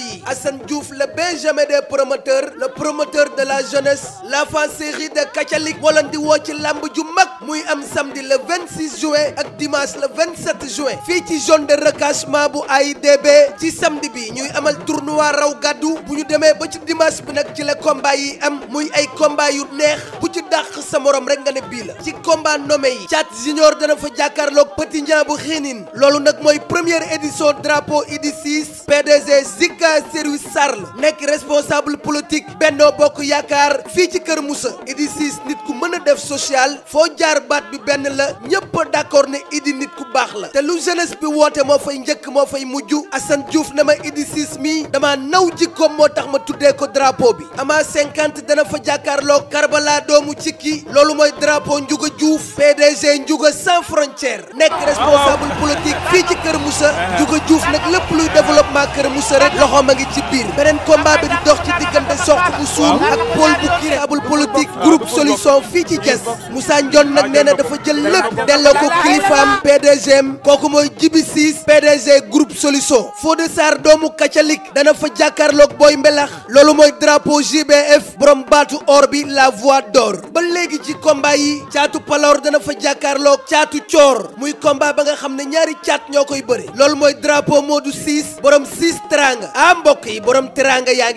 yi Assane le benjamin des promoteurs le promoteur de la jeunesse l'avant série de Kachalik Wolandi leen di woo ci lamb ju muy am samedi le 26 juin ak dimanche le 27 juin fii ci zone de recachement bu AIDB ci samedi bi ñuy amal tournoi raw gàddu bu ñu demee ba ci dimanche bi nag ci le combat yi am muy ay combat yu neex bu ci dàq sa morom rek nga ne bii la ci combat nommé yi Thiat Junior dana fa jàkkaarloog Petit Niang bu xiinin loolu nag première édition drapeau id 6 PDG Zika Serigne sarle. nekk responsable politique bennoo Bokk Yaakaar fii ci Kër Moussa Idi Siis nit ku mën a def social foo jaar baat bi benn la ñëpp d' accord ne Idi nit ku baax la te lu jeunesse bi woote moo fay njëkk moo fay mujj Assane Diouf na ma Idi Siis mii dama naw jikkoom moo tax ma tuddee ko drapo bi ama 50 dana fa jàkkaarloo Karbala doomu cikki loolu mooy drapo Ndiouga Diouf PDG Ndiouga sans frontière nekk responsable politique fii ci Kër Moussa Ndiouga Diouf nag lépp luy développement Kër a ngi ci combat bi di dox ci diggante soq bu suur ak pôle bu kirabul politique groupe solution fii ci Thiès Moussa Ndione nag nee na dafa jël lépp delloo ko kilifaam PDGm kooku mooy Jibi Siis PDG groupe solution de Sarr doomu kacalik dana fa jàkkaarloog booy mbelax loolu mooy drapeau JBF borom baatu or bi la voix d'or ba léegi ci combat yi caatu paloor dana fa jàkkaarloog caatu coor muy combat ba nga xam ne ñaari caat ñoo koy bëre loolu mooy drapeau Modou Siis borom Siis teranga ah mbokk yi borom teranga yaa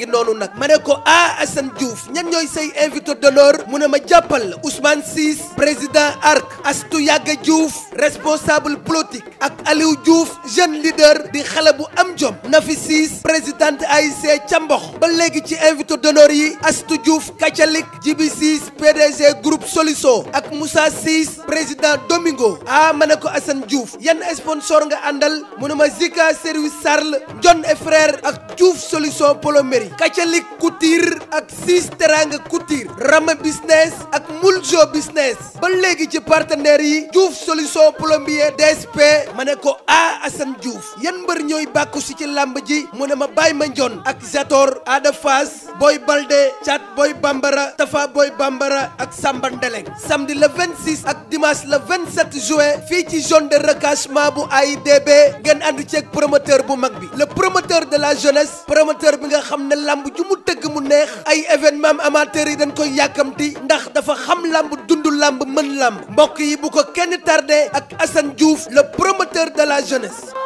ko ah Assane Diouf ñan ñooy say invité d'honneur mu ne ma jàppal Ousmane Ciss président ARC Astou Yaga Diouf responsable politique ak Aliou Diouf jeune leader di xale bu am jom Nafi Ciss présidente AIC Cambox ba léegi ci invité d'honneur yi Astou Diouf Kacalik Djibi Ciss PDG group solution ak Moussa Ciss président Domingo ah ma ne ko Assane Diouf yan sponsor nga àndal mu ne ma Zika service Sarl John et ak Diouf Solution Polomérie Kacalik ku couture ak siis teranga couture rama business ak muljo business ba léegi ci partenaires yi Diouf solution plombier DSP ma ne ko a Assane Diouf yan mbër ñooy bàkku si ci làmb ji mu ne ma Baye Mandione ak Zator Ada Fass Boy Baldé Thiat Boy Bambara Tafa Boy Bambara ak Samba Ndeleng samedi le 26 ak dimanche le 27 juin fii ci zone de recasement bu AIDB ngeen ànd ceeg promoteur bu mag bi le promoteur de la jeunesse promoteur bi nga xam ne làmb ju neex ay événement amateur yi dañ koy yàkkamti ndax dafa xam lamb dund làmb mën làmb mbokk yi bu ko kenn tardé ak Assane Diouf le promoteur de la jeunesse